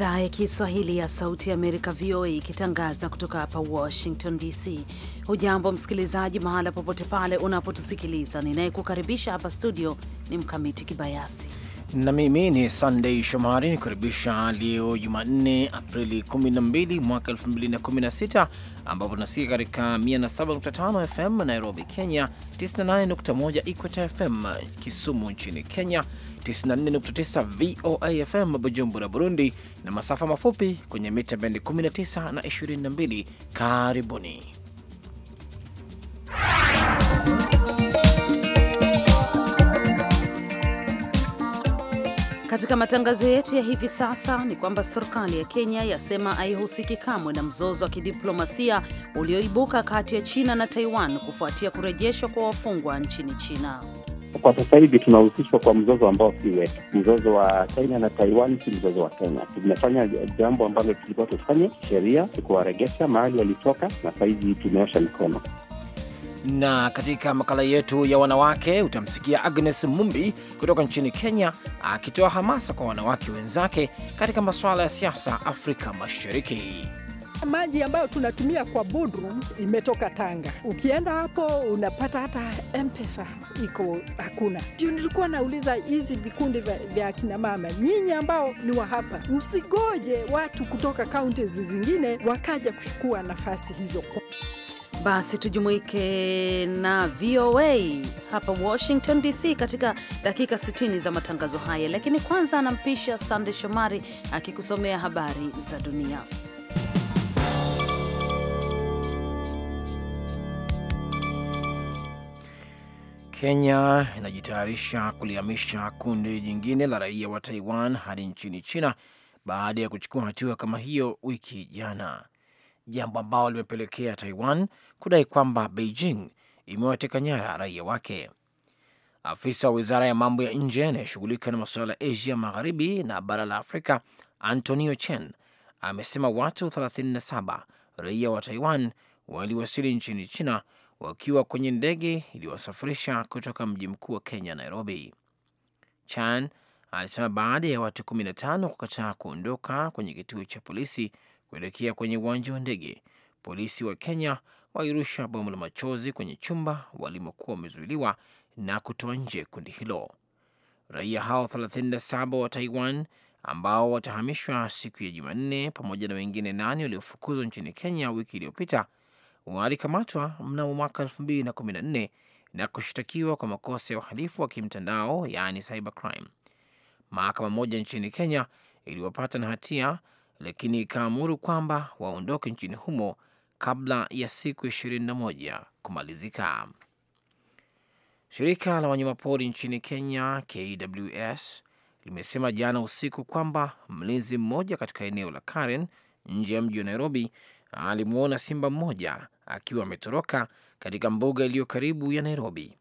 idhaa ya Kiswahili ya Sauti ya Amerika, VOA, ikitangaza kutoka hapa Washington DC. Hujambo msikilizaji, mahala popote pale unapotusikiliza. Ninayekukaribisha hapa studio ni Mkamiti Kibayasi na mimi ni Sunday Shomari nikukaribisha leo Jumanne Aprili 12 mwaka 2016, ambapo tunasikia katika 107.5 FM Nairobi, Kenya, 98.1 Equator FM Kisumu nchini Kenya, 94.9 VOA FM Bujumbura, Burundi, na masafa mafupi kwenye mita bendi 19 na 22. Karibuni Katika matangazo yetu ya hivi sasa ni kwamba serikali ya Kenya yasema haihusiki kamwe na mzozo wa kidiplomasia ulioibuka kati ya China na Taiwan kufuatia kurejeshwa kwa wafungwa nchini China. Kwa sasa hivi tunahusishwa kwa mzozo ambao si wetu. Mzozo wa China na Taiwan si mzozo wa Kenya. Tumefanya jambo ambalo tulikuwa tufanye, sheria, tukuwaregesha mahali walitoka, na sahizi tumeosha mikono na katika makala yetu ya wanawake utamsikia Agnes Mumbi kutoka nchini Kenya akitoa hamasa kwa wanawake wenzake katika masuala ya siasa Afrika Mashariki. Maji ambayo tunatumia kwa budrum imetoka Tanga. Ukienda hapo unapata hata mpesa iko hakuna. Ndio nilikuwa nauliza hizi vikundi vya akinamama, nyinyi ambao ni wa hapa, msigoje watu kutoka kaunti zingine wakaja kuchukua nafasi hizo. Basi tujumuike na VOA hapa Washington DC katika dakika 60 za matangazo haya, lakini kwanza anampisha Sande Shomari akikusomea habari za dunia. Kenya inajitayarisha kulihamisha kundi jingine la raia wa Taiwan hadi nchini China baada ya kuchukua hatua kama hiyo wiki jana jambo ambalo limepelekea Taiwan kudai kwamba Beijing imewateka nyara raia wake. Afisa wa wizara ya mambo ya nje anayeshughulika na masuala ya Asia Magharibi na bara la Afrika, Antonio Chen, amesema watu 37 raia wa Taiwan waliwasili nchini China wakiwa kwenye ndege iliyowasafirisha kutoka mji mkuu wa Kenya, Nairobi. Chan alisema baada ya watu 15 kukataa kuondoka kwenye kituo cha polisi kuelekea kwenye uwanja wa ndege, polisi wa Kenya wairusha bomu la machozi kwenye chumba walimokuwa wamezuiliwa na kutoa nje kundi hilo. Raia hao 37 wa Taiwan ambao watahamishwa siku ya Jumanne pamoja na wengine nane waliofukuzwa nchini Kenya wiki iliyopita walikamatwa mnamo mwaka 2014 na kushtakiwa kwa makosa ya uhalifu wa kimtandao yaani cybercrime. Mahakama moja nchini Kenya iliwapata na hatia lakini ikaamuru kwamba waondoke nchini humo kabla ya siku ishirini na moja kumalizika. Shirika la wanyamapori nchini Kenya KWS limesema jana usiku kwamba mlinzi mmoja katika eneo la Karen nje ya mji wa Nairobi alimwona simba mmoja akiwa ametoroka katika mbuga iliyo karibu ya Nairobi.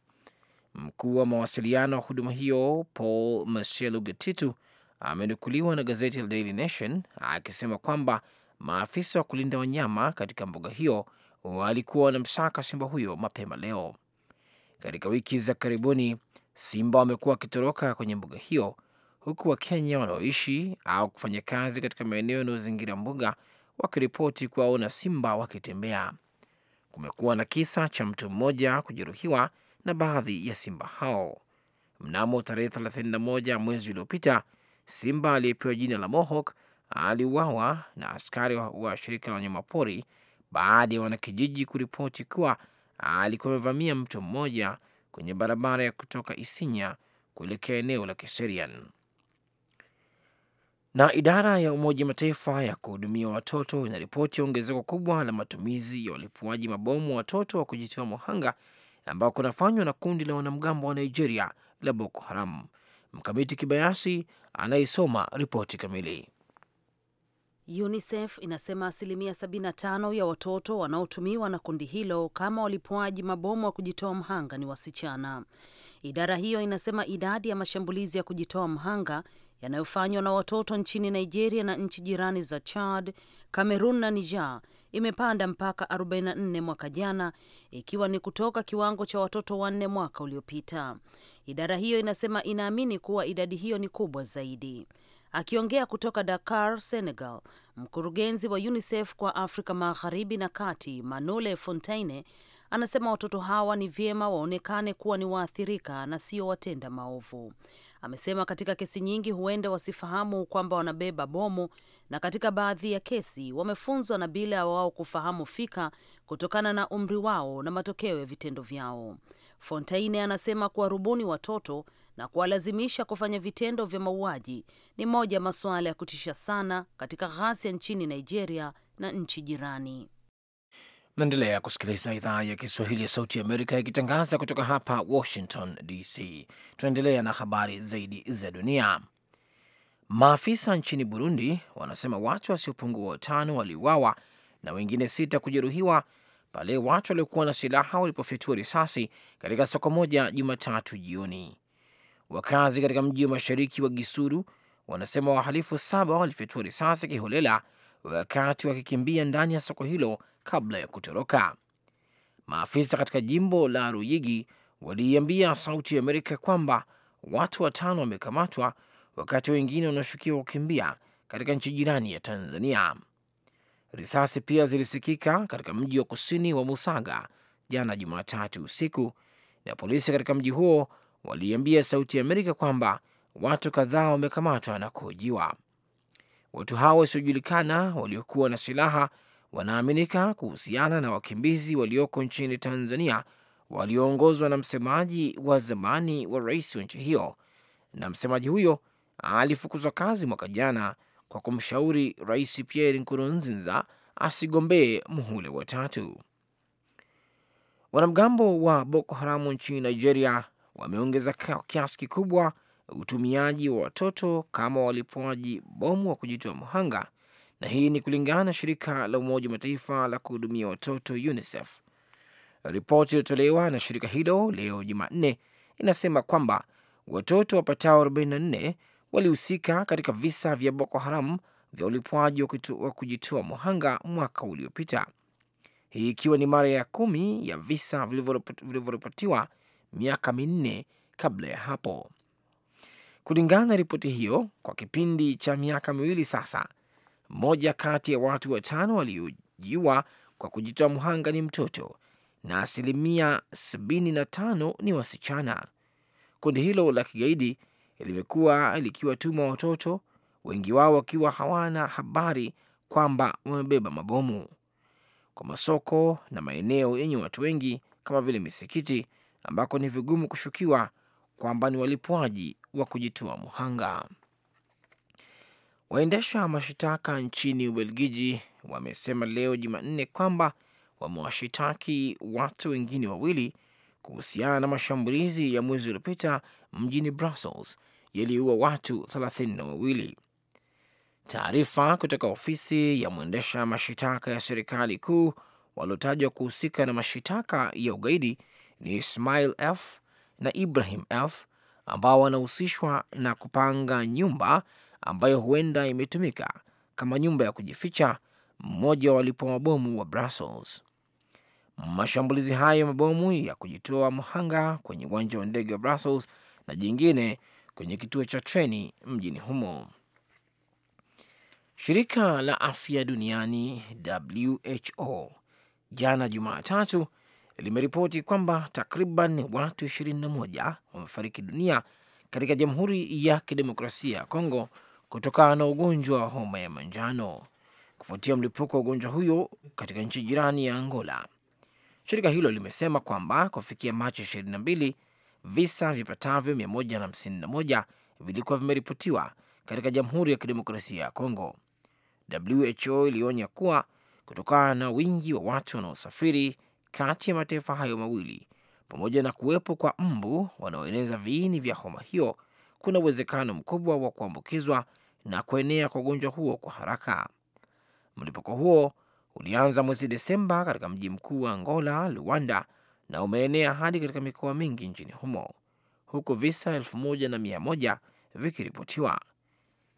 Mkuu wa mawasiliano wa huduma hiyo Paul Maselu Getitu amenukuliwa na gazeti la Daily Nation akisema kwamba maafisa wa kulinda wanyama katika mbuga hiyo walikuwa wanamsaka simba huyo mapema leo. Katika wiki za karibuni, simba wamekuwa wakitoroka kwenye mbuga hiyo, huku Wakenya wanaoishi au kufanya kazi katika maeneo yanayozingira mbuga wakiripoti kuwaona simba wakitembea. Kumekuwa na kisa cha mtu mmoja kujeruhiwa na baadhi ya simba hao. Mnamo tarehe 31 mwezi uliopita, Simba aliyepewa jina la Mohawk aliuawa na askari wa shirika la wanyamapori baada ya wanakijiji kuripoti kuwa alikuwa amevamia mtu mmoja kwenye barabara ya kutoka Isinya kuelekea eneo la Kiserian. Na idara ya Umoja Mataifa ya kuhudumia watoto inaripoti ongezeko kubwa la matumizi ya walipuaji mabomu watoto wa kujitoa muhanga ambao kunafanywa na kundi la wanamgambo wa Nigeria la Boko Haram. Mkamiti Kibayasi anaisoma ripoti kamili. UNICEF inasema asilimia 75 ya watoto wanaotumiwa na kundi hilo kama walipuaji mabomu wa kujitoa mhanga ni wasichana. Idara hiyo inasema idadi ya mashambulizi ya kujitoa mhanga yanayofanywa na watoto nchini Nigeria na nchi jirani za Chad, Cameroon na Niger imepanda mpaka 44 mwaka jana, ikiwa ni kutoka kiwango cha watoto wanne mwaka uliopita. Idara hiyo inasema inaamini kuwa idadi hiyo ni kubwa zaidi. Akiongea kutoka Dakar, Senegal, mkurugenzi wa UNICEF kwa Afrika Magharibi na Kati, Manole Fontaine, anasema watoto hawa ni vyema waonekane kuwa ni waathirika na sio watenda maovu. Amesema katika kesi nyingi huenda wasifahamu kwamba wanabeba bomu, na katika baadhi ya kesi wamefunzwa na bila ya wao kufahamu fika, kutokana na umri wao na matokeo ya vitendo vyao. Fontaine anasema kuwarubuni watoto na kuwalazimisha kufanya vitendo vya mauaji ni moja masuala ya kutisha sana katika ghasia nchini Nigeria na nchi jirani. Naendelea kusikiliza idhaa ya Kiswahili ya Sauti ya Amerika ikitangaza kutoka hapa Washington DC. Tunaendelea na habari zaidi za dunia. Maafisa nchini Burundi wanasema watu wasiopungua watano waliuawa na wengine sita kujeruhiwa pale watu waliokuwa na silaha walipofyatua risasi katika soko moja Jumatatu jioni. Wakazi katika mji wa mashariki wa Gisuru wanasema wahalifu saba walifyatua risasi kiholela wakati wakikimbia ndani ya soko hilo kabla ya kutoroka. Maafisa katika jimbo la Ruyigi waliiambia Sauti ya Amerika kwamba watu watano wamekamatwa wakati wengine wanaoshukiwa kukimbia katika nchi jirani ya Tanzania. Risasi pia zilisikika katika mji wa kusini wa Musaga jana Jumatatu usiku, na polisi katika mji huo waliambia Sauti ya Amerika kwamba watu kadhaa wamekamatwa na kuhojiwa. Watu hao wasiojulikana waliokuwa na silaha wanaaminika kuhusiana na wakimbizi walioko nchini Tanzania walioongozwa na msemaji wa zamani wa rais wa nchi hiyo, na msemaji huyo alifukuzwa kazi mwaka jana kwa kumshauri Rais Pierre Nkurunziza asigombee muhule wa tatu. Wanamgambo wa Boko Haramu nchini Nigeria wameongeza kiasi kikubwa utumiaji wa watoto kama walipoaji bomu wa kujitoa muhanga na hii ni kulingana na shirika la Umoja wa Mataifa la kuhudumia watoto UNICEF. Ripoti iliyotolewa na shirika hilo leo Jumanne inasema kwamba watoto wapatao 44 walihusika katika visa vya Boko Haram vya ulipwaji wa kujitoa muhanga mwaka uliopita, hii ikiwa ni mara ya kumi ya visa vilivyoripotiwa miaka minne kabla ya hapo. Kulingana na ripoti hiyo, kwa kipindi cha miaka miwili sasa, mmoja kati ya watu watano waliojiwa kwa kujitoa mhanga ni mtoto na asilimia 75 ni wasichana. Kundi hilo la kigaidi limekuwa likiwatuma watoto, wengi wao wakiwa hawana habari kwamba wamebeba mabomu, kwa masoko na maeneo yenye watu wengi kama vile misikiti, ambako ni vigumu kushukiwa kwamba ni walipwaji wa kujitoa muhanga Waendesha mashtaka nchini Ubelgiji wamesema leo Jumanne kwamba wamewashitaki watu wengine wawili kuhusiana na mashambulizi ya mwezi uliopita mjini Brussels yaliyoua watu thelathini na wawili. Taarifa kutoka ofisi ya mwendesha mashitaka ya serikali kuu waliotajwa kuhusika na mashitaka ya ugaidi ni Ismail F na Ibrahim F ambao wanahusishwa na kupanga nyumba ambayo huenda imetumika kama nyumba ya kujificha mmoja wa walipoa mabomu wa Brussels. Mashambulizi hayo mabomu ya kujitoa mhanga kwenye uwanja wa ndege wa Brussels na jingine kwenye kituo cha treni mjini humo. Shirika la afya duniani WHO jana Jumatatu limeripoti kwamba takriban watu 21 wamefariki dunia katika Jamhuri ya Kidemokrasia ya Kongo kutokana na ugonjwa wa homa ya manjano kufuatia mlipuko wa ugonjwa huyo katika nchi jirani ya Angola. Shirika hilo limesema kwamba kufikia Machi 22 visa vipatavyo 151 vilikuwa vimeripotiwa katika Jamhuri ya Kidemokrasia ya Kongo. WHO ilionya kuwa kutokana na wingi wa watu wanaosafiri kati ya mataifa hayo mawili pamoja na kuwepo kwa mbu wanaoeneza viini vya homa hiyo, kuna uwezekano mkubwa wa kuambukizwa na kuenea kwa ugonjwa huo kwa haraka. Mlipuko huo ulianza mwezi Desemba katika mji mkuu wa Angola, Luanda, na umeenea hadi katika mikoa mingi nchini humo, huku visa elfu moja na mia moja vikiripotiwa.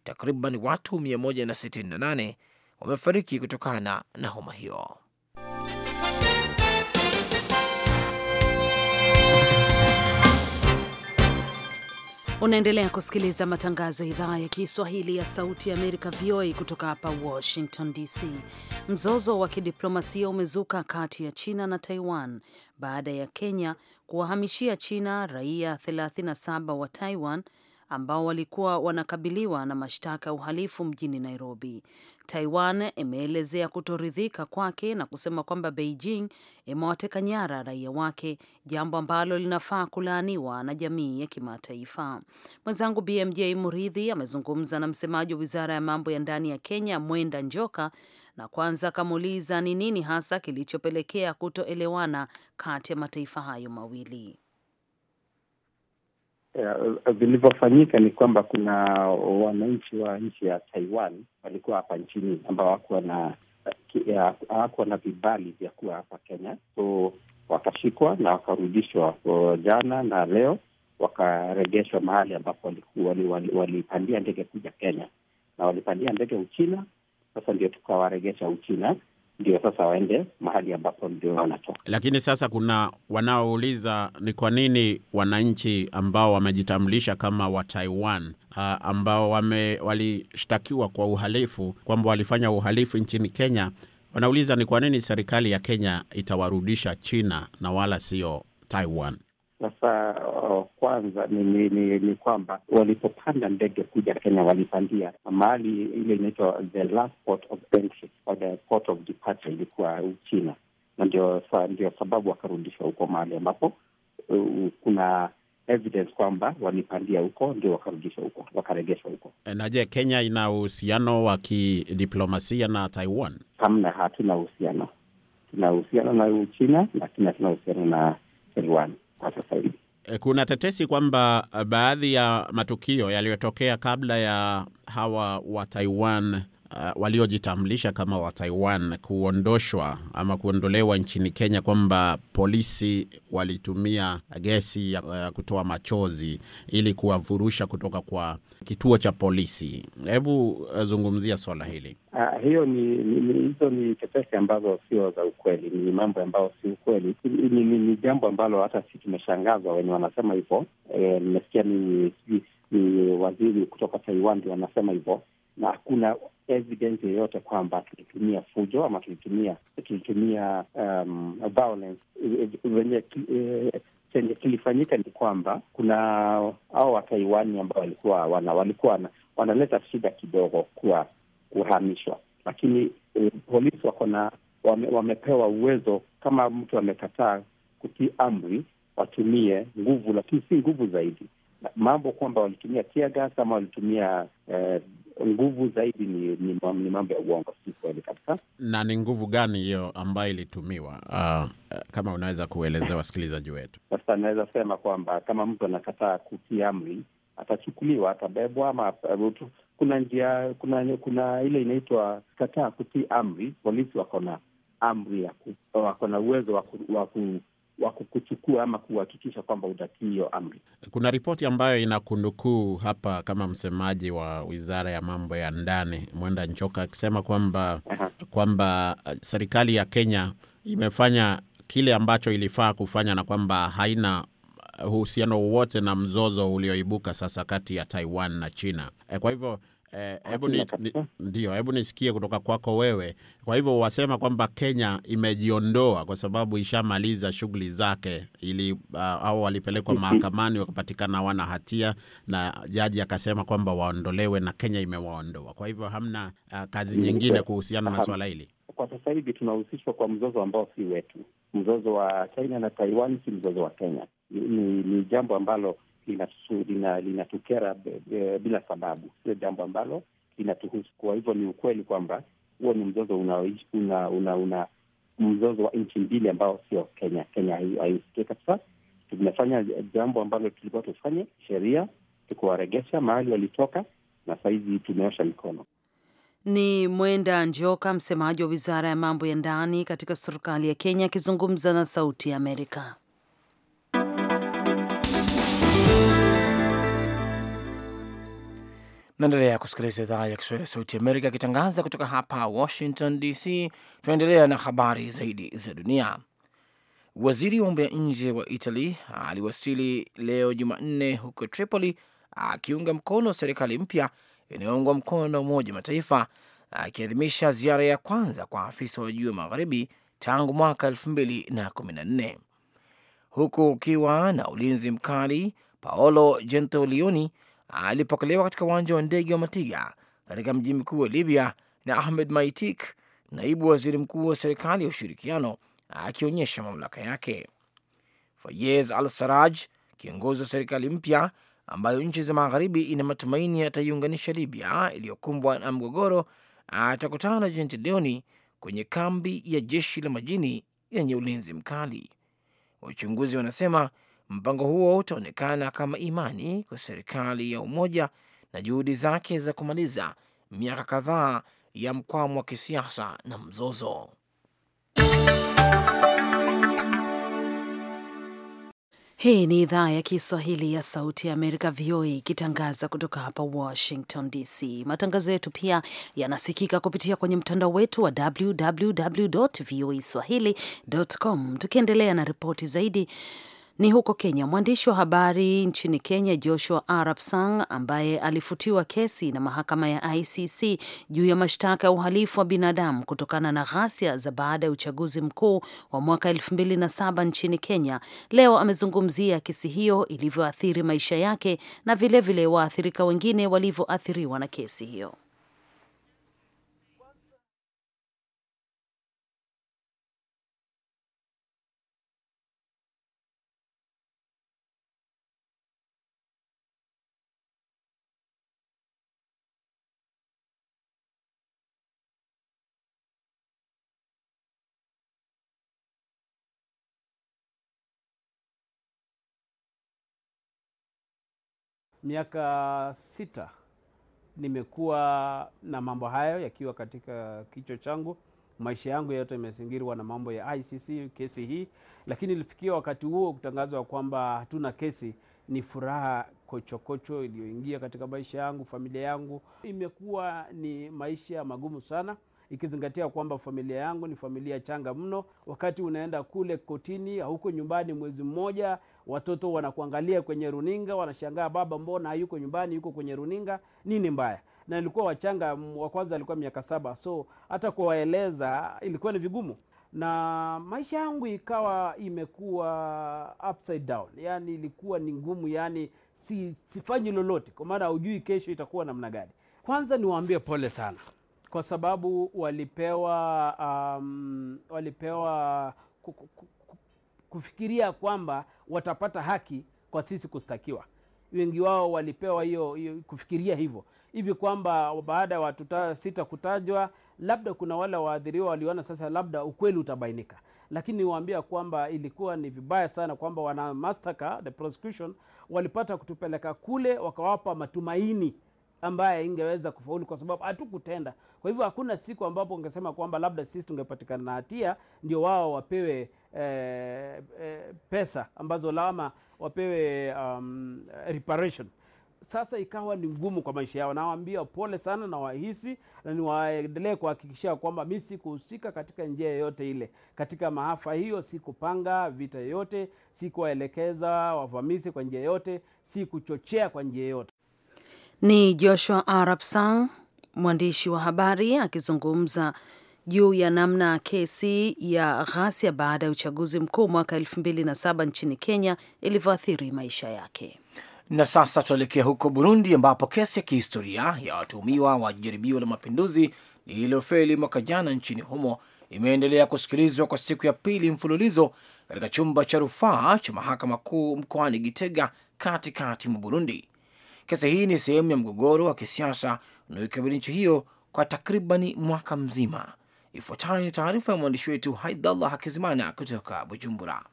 Takriban watu 168 wamefariki kutokana na homa hiyo. Unaendelea kusikiliza matangazo ya idhaa ya Kiswahili ya Sauti ya Amerika, VOA, kutoka hapa Washington DC. Mzozo wa kidiplomasia umezuka kati ya China na Taiwan baada ya Kenya kuwahamishia China raia 37 wa Taiwan ambao walikuwa wanakabiliwa na mashtaka ya uhalifu mjini Nairobi. Taiwan imeelezea kutoridhika kwake na kusema kwamba Beijing imewateka nyara raia wake, jambo ambalo linafaa kulaaniwa na jamii ya kimataifa. Mwenzangu BMJ Muridhi amezungumza na msemaji wa wizara ya mambo ya ndani ya Kenya, Mwenda Njoka, na kwanza akamuuliza ni nini hasa kilichopelekea kutoelewana kati ya mataifa hayo mawili uh, vilivyofanyika ni kwamba kuna wananchi wa nchi ya Taiwan walikuwa hapa nchini ambao hawakuwa na eh, hawakuwa na vibali vya kuwa hapa Kenya, so wakashikwa na wakarudishwa eh, jana na leo wakaregeshwa mahali ambapo walipandia wali, wali ndege kuja Kenya na walipandia ndege Uchina. Sasa ndio tukawaregesha Uchina ndio sasa waende mahali ambapo ndio wanatoka. Lakini sasa kuna wanaouliza ni kwa nini wananchi ambao wamejitambulisha kama wa Taiwan Uh, ambao wame walishtakiwa kwa uhalifu kwamba walifanya uhalifu nchini Kenya. Wanauliza ni kwa nini serikali ya Kenya itawarudisha China na wala sio Taiwan. Sasa uh, kwanza ni, ni, ni, ni kwamba walipopanda ndege kuja Kenya walipandia mahali ile inaitwa the last port of entry or the port of departure ilikuwa Uchina, na ndio sa, ndio sababu wakarudishwa huko mahali ambapo uh, kuna evidence kwamba walipandia huko, ndio wakarudishwa huko, wakaregeshwa huko. Eh, na je, Kenya ina uhusiano wa kidiplomasia na Taiwan? Hamna, hatuna uhusiano. Tuna uhusiano na Uchina, lakini hatuna uhusiano na Taiwan kwa sasa hivi. Eh, kuna tetesi kwamba eh, baadhi ya matukio yaliyotokea kabla ya hawa wa Taiwan uh, waliojitambulisha kama wa Taiwan kuondoshwa ama kuondolewa nchini Kenya kwamba polisi walitumia gesi ya uh, kutoa machozi ili kuwavurusha kutoka kwa kituo cha polisi. Hebu uh, zungumzia swala hili. Uh, hiyo ni hizo ni, ni tetesi ambazo sio za ukweli, ni mambo ambayo si ukweli. Ni, ni, ni, ni jambo ambalo hata si tumeshangazwa wenye wanasema hivyo. Eh, nimesikia e, ni, ni, ni waziri kutoka Taiwan ndio wanasema hivyo na hakuna evidence yoyote kwamba tulitumia fujo ama tulitumia tulitumia um, violence venye eh, chenye kilifanyika ni kwamba kuna au Wataiwani ambao walikuwa wana, walikuwa wana, wanaleta shida kidogo kuwa kuhamishwa, lakini eh, polisi wako na wame, wamepewa uwezo kama mtu amekataa kutii amri watumie nguvu, lakini si nguvu zaidi. Mambo kwamba walitumia tiagas ama walitumia eh, nguvu zaidi ni, ni, ni mambo ya uongo, si kweli kabisa. Na ni nguvu gani hiyo ambayo ilitumiwa? Uh, kama unaweza kuelezea wasikilizaji wetu. Sasa naweza sema kwamba kama mtu anakataa kutii amri atachukuliwa, atabebwa ama eh, Kuna njia, kuna kuna ile inaitwa kataa kutii amri. Polisi wako na amri ya wako na uwezo wa wa kukuchukua ama kuhakikisha kwamba utatii hiyo amri. Kuna ripoti ambayo inakunukuu hapa kama msemaji wa wizara ya mambo ya ndani Mwenda Nchoka akisema kwamba kwamba uh, serikali ya Kenya imefanya kile ambacho ilifaa kufanya na kwamba haina uhusiano wowote na mzozo ulioibuka sasa kati ya Taiwan na China. Eh, kwa hivyo Eh, hebu eh, ni, ndio, hebu nisikie kutoka kwako wewe. Kwa hivyo wasema kwamba Kenya imejiondoa kwa sababu ishamaliza shughuli zake, ili uh, au walipelekwa mhm. mahakamani wakapatikana wana hatia, na jaji akasema kwamba waondolewe, na Kenya imewaondoa. Kwa hivyo hamna uh, kazi nyingine kuhusiana na swala hili kwa sasa hivi. Tunahusishwa kwa mzozo ambao si wetu, mzozo wa China na Taiwan, si mzozo wa Kenya. Ni, ni jambo ambalo linatukera e, bila sababu, sio jambo ambalo linatuhusu. Kwa hivyo ni ukweli kwamba huo ni mzozo una, una, una, una mzozo wa nchi mbili ambao sio Kenya. Kenya haihusikie kabisa. Tumefanya jambo ambalo tulikuwa tufanye, sheria tukuwaregesha mahali walitoka, na sahizi tumeosha mikono. Ni Mwenda Njoka, msemaji wa wizara ya mambo ya ndani katika serikali ya Kenya, akizungumza na Sauti ya Amerika. Naendelea kusikiliza idhaa ya Kiswahili ya Sauti Amerika ikitangaza kutoka hapa Washington DC. Tunaendelea na habari zaidi za dunia. Waziri wa mambo ya nje wa Italy aliwasili leo Jumanne huko Tripoli akiunga mkono serikali mpya inayoungwa mkono na Umoja wa Mataifa, akiadhimisha ziara ya kwanza kwa afisa wa juu wa magharibi tangu mwaka elfu mbili na kumi na nne huku ukiwa na ulinzi mkali. Paolo Gentiloni alipokelewa katika uwanja wa ndege wa Matiga katika mji mkuu wa Libya na Ahmed Maitik, naibu waziri mkuu wa serikali ya ushirikiano, akionyesha mamlaka yake. Fayez Al Saraj, kiongozi wa serikali mpya ambayo nchi za magharibi ina matumaini ataiunganisha Libya iliyokumbwa na mgogoro, atakutana na Jentileoni kwenye kambi ya jeshi la majini yenye ulinzi mkali. Wachunguzi wanasema Mpango huo utaonekana kama imani kwa serikali ya umoja na juhudi zake za kumaliza miaka kadhaa ya mkwamo wa kisiasa na mzozo. Hii ni idhaa ya Kiswahili ya Sauti ya Amerika, VOA, ikitangaza kutoka hapa Washington DC. Matangazo yetu pia yanasikika kupitia kwenye mtandao wetu wa www voa swahili com. Tukiendelea na ripoti zaidi ni huko Kenya. Mwandishi wa habari nchini Kenya Joshua Arap Sang, ambaye alifutiwa kesi na mahakama ya ICC juu ya mashtaka ya uhalifu wa binadamu kutokana na ghasia za baada ya uchaguzi mkuu wa mwaka 27 nchini Kenya, leo amezungumzia kesi hiyo ilivyoathiri maisha yake na vilevile waathirika wengine walivyoathiriwa na kesi hiyo. miaka sita nimekuwa na mambo hayo yakiwa katika kichwa changu. Maisha yangu yote yamezingirwa na mambo ya ICC kesi hii, lakini ilifikia wakati huo kutangazwa kwamba hatuna kesi, ni furaha kochokocho iliyoingia katika maisha yangu, familia yangu. Imekuwa ni maisha magumu sana ikizingatia kwamba familia yangu ni familia changa mno. Wakati unaenda kule kotini, hauko nyumbani mwezi mmoja, watoto wanakuangalia kwenye runinga, wanashangaa baba, mbona hayuko nyumbani, yuko kwenye runinga? Nini mbaya? Na ilikuwa wachanga, wa kwanza alikuwa miaka saba, so hata kuwaeleza ilikuwa ni vigumu na maisha yangu ikawa imekuwa upside down, yani ilikuwa ni ngumu, yani si, sifanyi lolote, kwa maana haujui kesho itakuwa namna gani. Kwanza niwaambie pole sana kwa sababu walipewa, um, walipewa kufikiria kwamba watapata haki kwa sisi kustakiwa. Wengi wao walipewa hiyo kufikiria hivyo hivi kwamba baada ya watu sita kutajwa, labda kuna wale waadhiriwa waliona sasa labda ukweli utabainika, lakini niwaambia kwamba ilikuwa ni vibaya sana kwamba wana mastaka the prosecution walipata kutupeleka kule, wakawapa matumaini ambaye ingeweza kufaulu kwa sababu hatukutenda. Kwa hivyo hakuna siku ambapo ungesema kwamba labda sisi tungepatikana na hatia ndio wao wapewe eh, eh, pesa ambazo lama wapewe um, reparation. Sasa ikawa ni ngumu kwa maisha yao. Nawaambia pole sana na wahisi na niwaendelee kuhakikishia kwamba mi sikuhusika katika njia yoyote ile katika maafa hiyo. Sikupanga vita yoyote, sikuwaelekeza wavamizi kwa njia yoyote, sikuchochea kwa njia yoyote. Ni Joshua Arap Sang, mwandishi wa habari akizungumza juu ya namna kesi ya ghasia baada ya uchaguzi mkuu mwaka saba nchini Kenya ilivyoathiri maisha yake. Na sasa tuelekea huko Burundi, ambapo kesi ya kihistoria ya watuhumiwa wa jaribio la mapinduzi lililofeli mwaka jana nchini humo imeendelea kusikilizwa kwa siku ya pili mfululizo katika chumba cha rufaa cha mahakama kuu mkoani Gitega katikati mwa Burundi. Kesi hii ni sehemu ya mgogoro wa kisiasa unaoikabili nchi hiyo kwa takribani mwaka mzima. Ifuatayo ni taarifa ya mwandishi wetu Haidallah Hakizimana kutoka Bujumbura.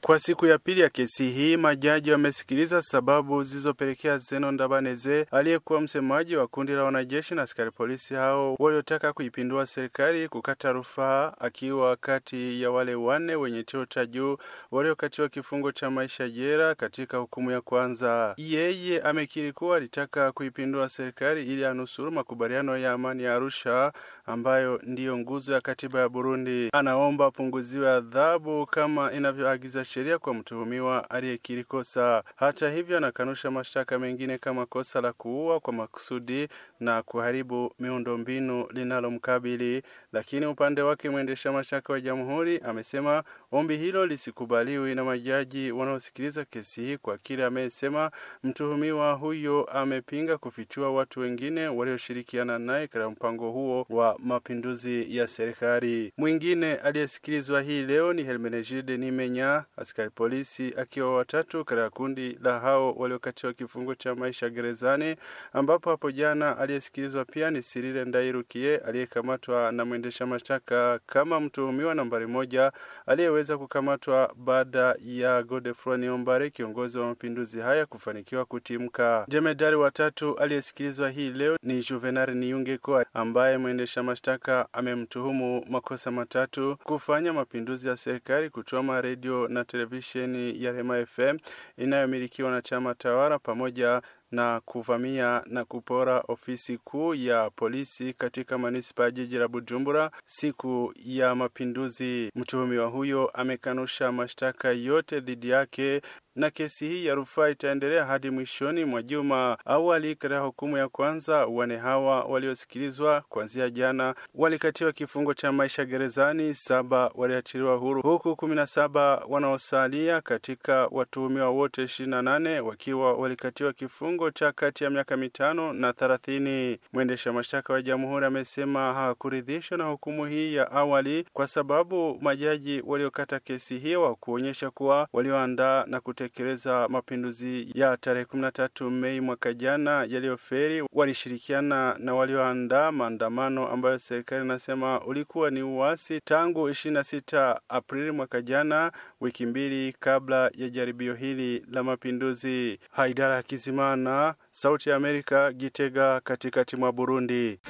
Kwa siku ya pili ya kesi hii, majaji wamesikiliza sababu zilizopelekea Zeno Ndabaneze aliyekuwa msemaji wa kundi la wanajeshi na askari polisi hao waliotaka kuipindua serikali kukata rufaa, akiwa kati ya wale wanne wenye cheo cha juu waliokatiwa kifungo cha maisha jela katika hukumu ya kwanza. Yeye amekiri kuwa alitaka kuipindua serikali ili anusuru makubaliano ya amani ya Arusha ambayo ndiyo nguzo ya katiba ya Burundi. Anaomba apunguziwe adhabu kama inavyoagiza sheria kwa mtuhumiwa aliyekiri kosa. Hata hivyo, anakanusha mashtaka mengine kama kosa la kuua kwa makusudi na kuharibu miundombinu linalomkabili, lakini upande wake mwendesha mashtaka wa jamhuri amesema ombi hilo lisikubaliwi na majaji wanaosikiliza kesi hii kwa kile amesema mtuhumiwa huyo amepinga kufichua watu wengine walioshirikiana naye katika mpango huo wa mapinduzi ya serikali. Mwingine aliyesikilizwa hii leo ni Hermenegilde Nimenya askari polisi akiwa watatu katika kundi la hao waliokatiwa kifungo cha maisha gerezani, ambapo hapo jana aliyesikilizwa pia ni Sirile Ndairukie aliyekamatwa na mwendesha mashtaka kama mtuhumiwa nambari moja aliyeweza kukamatwa baada ya Godefroid Niombare, kiongozi wa mapinduzi haya, kufanikiwa kutimka. Jemedari watatu aliyesikilizwa hii leo ni Juvenal Niyungeko ambaye mwendesha mashtaka amemtuhumu makosa matatu: kufanya mapinduzi ya serikali, kuchoma redio na televisheni ya Rema FM inayomilikiwa na chama tawala pamoja na kuvamia na kupora ofisi kuu ya polisi katika manispa ya jiji la Bujumbura siku ya mapinduzi. Mtuhumiwa huyo amekanusha mashtaka yote dhidi yake na kesi hii ya rufaa itaendelea hadi mwishoni mwa juma. Awali, katika hukumu ya kwanza, wane hawa waliosikilizwa kuanzia jana walikatiwa kifungo cha maisha gerezani, saba waliachiliwa huru, huku 17 wanaosalia katika watuhumiwa wote 28 wakiwa walikatiwa kifungo kifungo cha kati ya miaka mitano na thelathini. Mwendesha mashtaka wa jamhuri amesema hakuridhishwa na hukumu hii ya awali kwa sababu majaji waliokata kesi hiyo kuonyesha kuwa walioandaa na kutekeleza mapinduzi ya tarehe 13 Mei mwaka jana yaliyoferi walishirikiana na walioandaa maandamano ambayo serikali inasema ulikuwa ni uasi tangu 26 Aprili mwaka jana, wiki mbili kabla ya jaribio hili la mapinduzi. Haidara Kizimana na Sauti ya Amerika Gitega katikati mwa Burundi.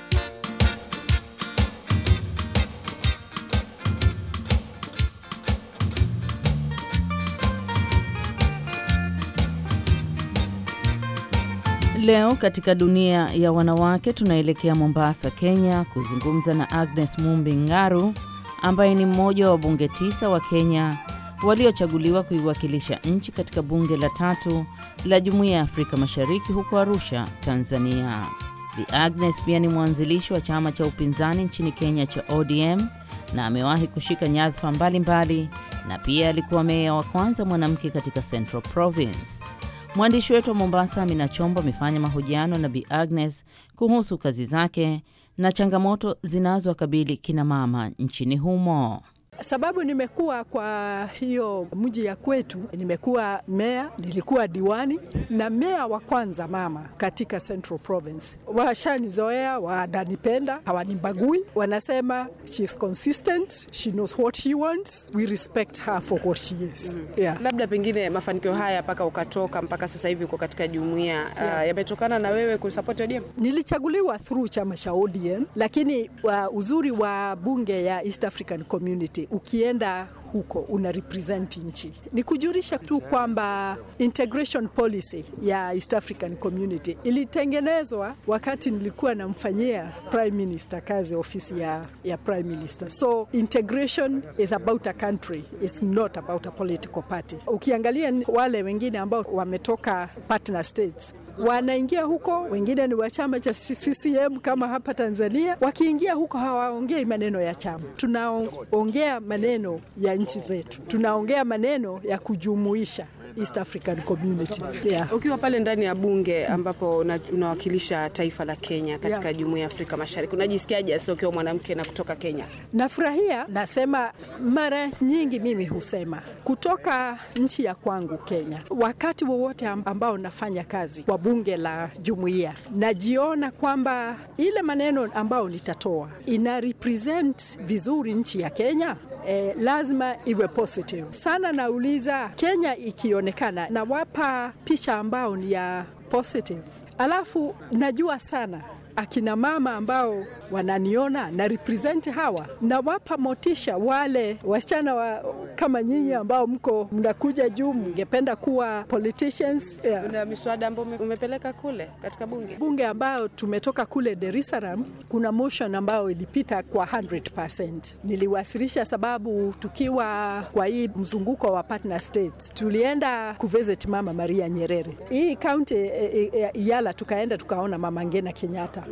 Leo katika dunia ya wanawake tunaelekea Mombasa, Kenya kuzungumza na Agnes Mumbi Ng'aru ambaye ni mmoja wa bunge tisa wa Kenya waliochaguliwa kuiwakilisha nchi katika bunge la tatu la Jumuiya ya Afrika Mashariki huko Arusha, Tanzania. Bi Agnes pia ni mwanzilishi wa chama cha upinzani nchini Kenya cha ODM na amewahi kushika nyadhifa mbalimbali na pia alikuwa meya wa kwanza mwanamke katika Central Province. Mwandishi wetu wa Mombasa, Amina Chombo, amefanya mahojiano na Bi Agnes kuhusu kazi zake na changamoto zinazowakabili kina mama nchini humo. Sababu nimekuwa kwa hiyo mji ya kwetu, nimekuwa meya, nilikuwa diwani na meya wa kwanza mama katika Central Province. Washanizoea, wadanipenda hawanibagui. Wanasema she is consistent, she knows what she wants, we respect her for what she is. Mm. Yeah. Labda pengine mafanikio haya mpaka ukatoka mpaka sasa hivi uko katika jumuia ah, yeah. Uh, yametokana na wewe kusupport ODM? Nilichaguliwa through chama cha ODM, lakini uh, uzuri wa bunge ya East African Community ukienda huko una represent nchi. Ni kujulisha tu kwamba integration policy ya East African Community ilitengenezwa wakati nilikuwa namfanyia prime minister kazi ofisi ya, ya prime minister. So integration is about a country, it's not about a political party. Ukiangalia wale wengine ambao wametoka partner states wanaingia huko, wengine ni wa chama cha CCM kama hapa Tanzania. Wakiingia huko hawaongei maneno ya chama, tunaongea maneno ya nchi zetu, tunaongea maneno ya kujumuisha East African Community. Yeah. Ukiwa pale ndani ya bunge ambapo unawakilisha una taifa la Kenya katika yeah, Jumuiya ya Afrika Mashariki unajisikiaje hasa ukiwa mwanamke na kutoka Kenya? Nafurahia, nasema mara nyingi mimi husema kutoka nchi ya kwangu Kenya, wakati wowote ambao nafanya kazi kwa bunge la jumuiya, najiona kwamba ile maneno ambayo nitatoa ina represent vizuri nchi ya Kenya eh, lazima iwe positive sana. Nauliza Kenya ikionekana, nawapa picha ambao ni ya positive, alafu najua sana akina mama ambao wananiona na represent hawa, nawapa motisha wale wasichana wa, kama nyinyi ambao mko mnakuja juu, mngependa kuwa politicians yeah. Kuna miswada ambayo umepeleka kule katika bunge bunge ambayo tumetoka kule Dar es Salaam, kuna motion ambayo ilipita kwa 100%. Niliwasilisha sababu tukiwa kwa hii mzunguko wa partner states tulienda kuvisit Mama Maria Nyerere, hii kaunti e, eh, e, eh, eh, Yala tukaenda tukaona Mama Ngena Kenyatta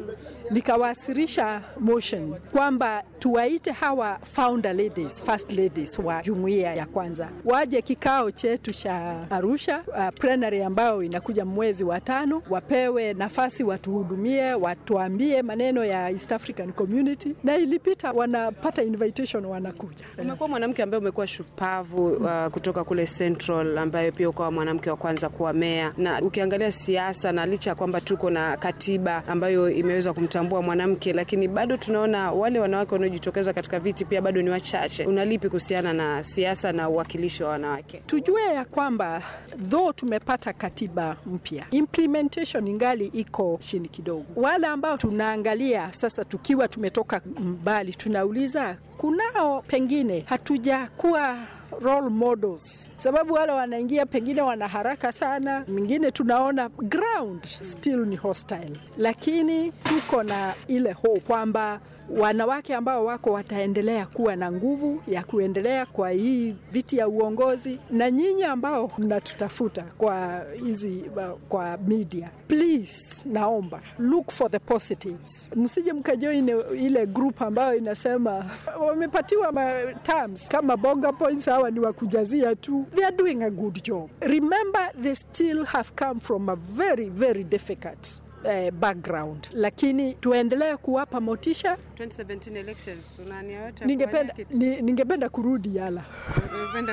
nikawasilisha motion kwamba tuwaite hawa founder ladies, first ladies wa jumuiya ya kwanza waje kikao chetu cha Arusha uh, plenary ambayo inakuja mwezi wa tano, wapewe nafasi watuhudumie, watuambie maneno ya East African Community, na ilipita, wanapata invitation, wanakuja. Umekuwa mwanamke ambaye umekuwa shupavu uh, kutoka kule Central, ambayo pia ukawa mwanamke wa kwanza kuwa meya, na ukiangalia siasa na licha ya kwamba tuko na katiba ambayo imeweza kumtambua mwanamke, lakini bado tunaona wale wanawake wanaojitokeza katika viti pia bado ni wachache. Unalipi kuhusiana na siasa na uwakilishi wa wanawake? Tujue ya kwamba dho tumepata katiba mpya, implementation ingali iko chini kidogo. Wale ambao tunaangalia sasa, tukiwa tumetoka mbali, tunauliza kunao pengine hatujakuwa role models, sababu wale wanaingia pengine wana haraka sana, mingine tunaona ground still ni hostile, lakini tuko na ile hope kwamba wanawake ambao wako wataendelea kuwa na nguvu ya kuendelea kwa hii viti ya uongozi, na nyinyi ambao mnatutafuta kwa hizi kwa media, please, naomba look for the positives, msije mkajoin ile group ambayo inasema wamepatiwa terms kama bonga points, hawa ni wakujazia tu, they are doing a good job. Remember, they still have come from a very very difficult eh, background, lakini tuendelee kuwapa motisha. 2017 elections, ningependa, ningependa kurudi Yala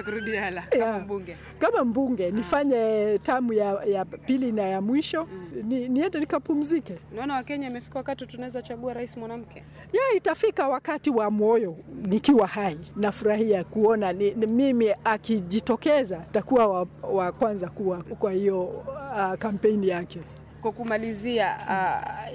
kurudi Yala Kama mbunge, kama mbunge ah. nifanye tamu ya, ya pili na ya mwisho mm. Ni, niende nikapumzike. Naona Wakenya imefika wakati tunaweza chagua rais mwanamke. Yeah, itafika wakati wa moyo nikiwa hai. Nafurahia kuona ni, ni mimi akijitokeza takuwa wa, wa kwanza kuwa kwa hiyo uh, ah, kampeni yake. Kwa kumalizia,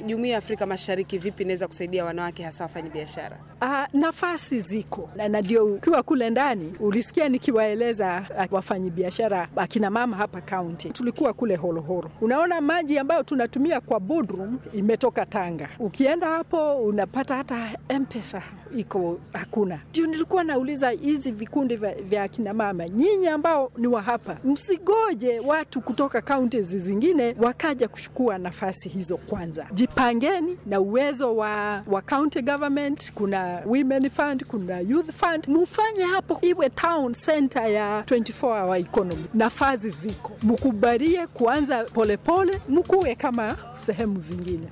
jumuiya uh, ya Afrika Mashariki vipi inaweza kusaidia wanawake hasa wafanya biashara? Uh, nafasi ziko na ndio, ukiwa kule ndani ulisikia nikiwaeleza uh, ah, wafanyabiashara akina mama hapa kaunti, tulikuwa kule Horohoro, unaona maji ambayo tunatumia kwa boardroom imetoka Tanga. Ukienda hapo unapata hata mpesa iko hakuna. Ndio nilikuwa nauliza hizi vikundi vya, akina mama, nyinyi ambao ni wa hapa, msigoje watu kutoka kaunti zingine wakaja kushuku kuchukua nafasi hizo kwanza. Jipangeni na uwezo wa, wa county government. Kuna women fund, kuna youth fund, mufanye hapo iwe town center ya 24 hour economy. Nafasi ziko, mukubarie kuanza polepole, mukuwe kama sehemu zingine.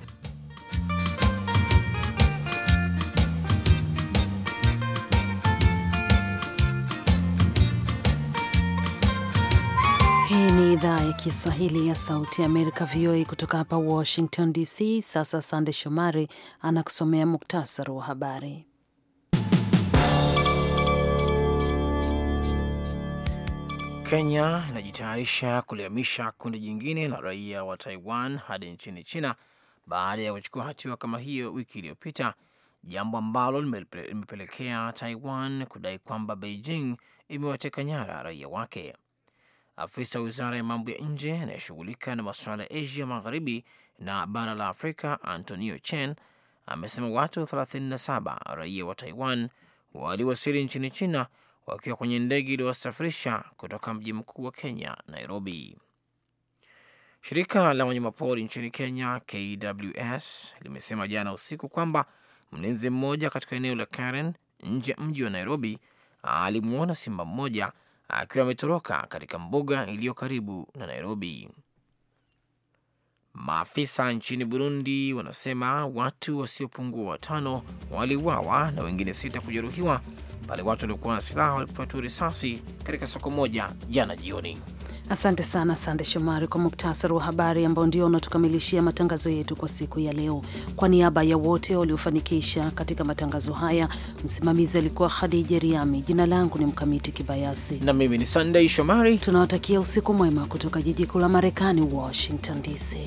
Hii ni idhaa ya Kiswahili ya Sauti ya Amerika, VOA, kutoka hapa Washington DC. Sasa Sande Shomari anakusomea muktasari wa habari. Kenya inajitayarisha kulihamisha kundi jingine la raia wa Taiwan hadi nchini China baada ya kuchukua hatua kama hiyo wiki iliyopita, jambo ambalo limepelekea Taiwan kudai kwamba Beijing imewateka nyara raia wake. Afisa wizara ya mambo ya nje anayeshughulika na masuala ya Asia magharibi na bara la Afrika, Antonio Chen, amesema watu 37 raia wa Taiwan waliwasili nchini China wakiwa kwenye ndege iliyowasafirisha kutoka mji mkuu wa Kenya, Nairobi. Shirika la wanyamapori nchini Kenya, KWS, limesema jana usiku kwamba mlinzi mmoja katika eneo la Karen nje ya mji wa Nairobi alimwona simba mmoja akiwa ametoroka katika mbuga iliyo karibu na Nairobi. Maafisa nchini Burundi wanasema watu wasiopungua watano waliuawa na wengine sita kujeruhiwa pale watu waliokuwa na silaha walipopatiwa risasi katika soko moja jana jioni. Asante sana Sande Shomari kwa muktasari wa habari ambao ndio unatukamilishia matangazo yetu kwa siku ya leo. Kwa niaba ya wote waliofanikisha katika matangazo haya, msimamizi alikuwa Khadija Riami, jina langu ni Mkamiti Kibayasi na mimi ni Sandei Shomari. Tunawatakia usiku mwema kutoka jiji kuu la Marekani, Washington DC.